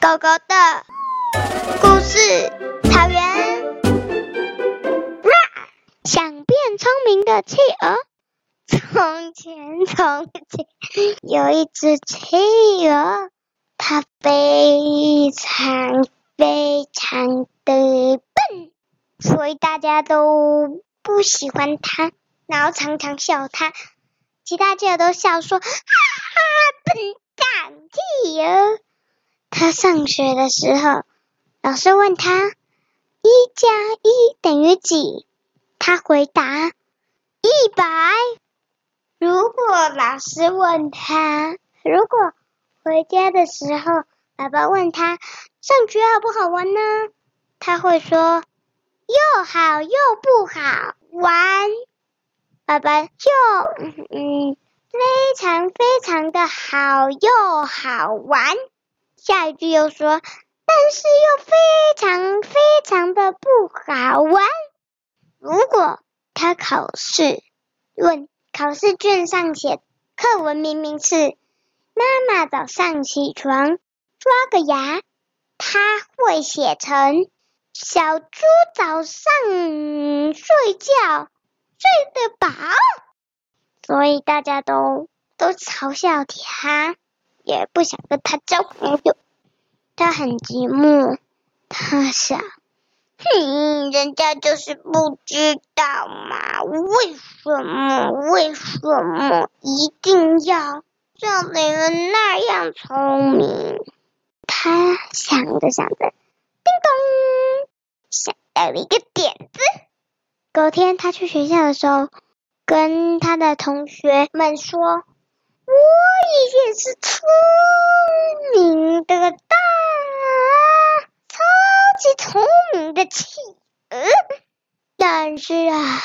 狗狗的故事，草原，哇、啊！想變聰明的企鵝。從前從前，有一隻企鵝，它非常非常的笨，所以大家都不喜歡它，然後常常笑它。其他企鵝都笑說：“哈哈，笨蛋企鵝！”他上學的時候，老師問他：“一加一等於幾？”他回答：“一百。”如果老師問他，如果回家的時候，爸爸問他：“上學好不好玩呢？”他會說：“又好又不好玩。”爸爸就嗯，非常非常的好又好玩。下一句又說，但是又非常非常的不好玩。如果他考試，問考試卷上寫課文明明是媽媽早上起床刷個牙，他會寫成小豬早上睡覺睡得飽，所以大家都都嘲笑他。也不想跟他交朋友，他很寂寞。他想，哼，人家就是不知道嘛，為什麼，為什麼一定要像你們那樣聰明？他想着想着，叮咚，想到了一個點子。隔天他去學校的時候，跟他的同學們說。我以前是聰明的大、啊，超級聰明的企鵝、嗯，但是啊，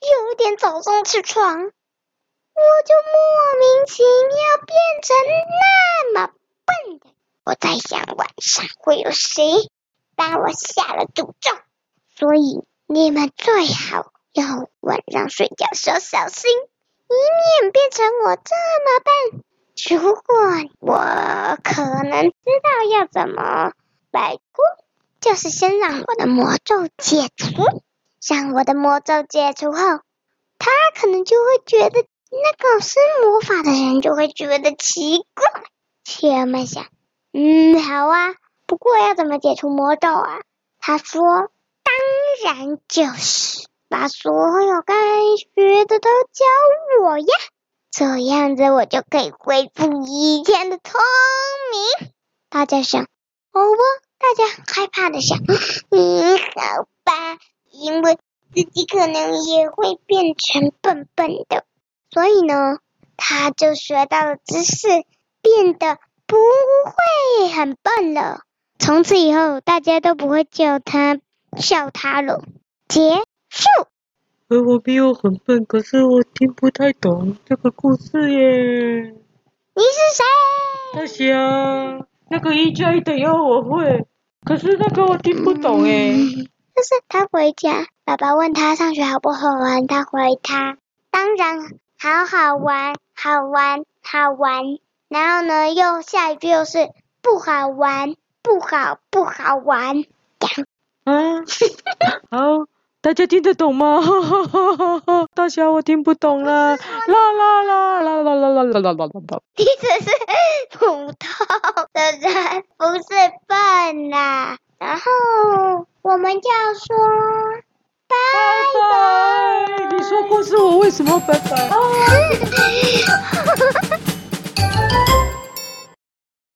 有點早上起床，我就莫名其妙變成那麼笨的。我在想晚上會有誰把我下了詛咒，所以你們最好要晚上睡覺時候小心。以免變成我這麼笨。如果我可能知道要怎麼擺脫，就是先讓我的魔咒解除。讓我的魔咒解除後，他可能就會覺得那個施魔法的人就會覺得奇怪。企鵝想，嗯，好啊。不過要怎麼解除魔咒啊？他說，當然就是。把所有該學的都教我呀，這樣子我就可以恢復以前的聰明。大家想，哦，不，大家害怕的想，你、嗯、好吧，因為自己可能也會變成笨笨的，所以呢，他就學到了知識，變得不會很笨了。從此以後，大家都不會叫他笑他了，姐。是，而噓、欸、我比我很笨，可是我聽不太懂這個故事耶。你是誰？他想，那個一加一等於二，我會，可是那個我聽不懂耶、嗯。就是他回家，爸爸問他上學好不好玩，他回他當然好好玩，好玩，好玩。然後呢，又下一句又是不好玩，不好，不好玩。嗯，啊、 好。大家聽得懂嗎？ 大家我聽不懂了、啊。啦啦啦啦啦啦啦啦啦啦！意思 是普通的人不是笨啦、啊，然後我們要說拜拜。拜拜你說過是我為什麼拜拜？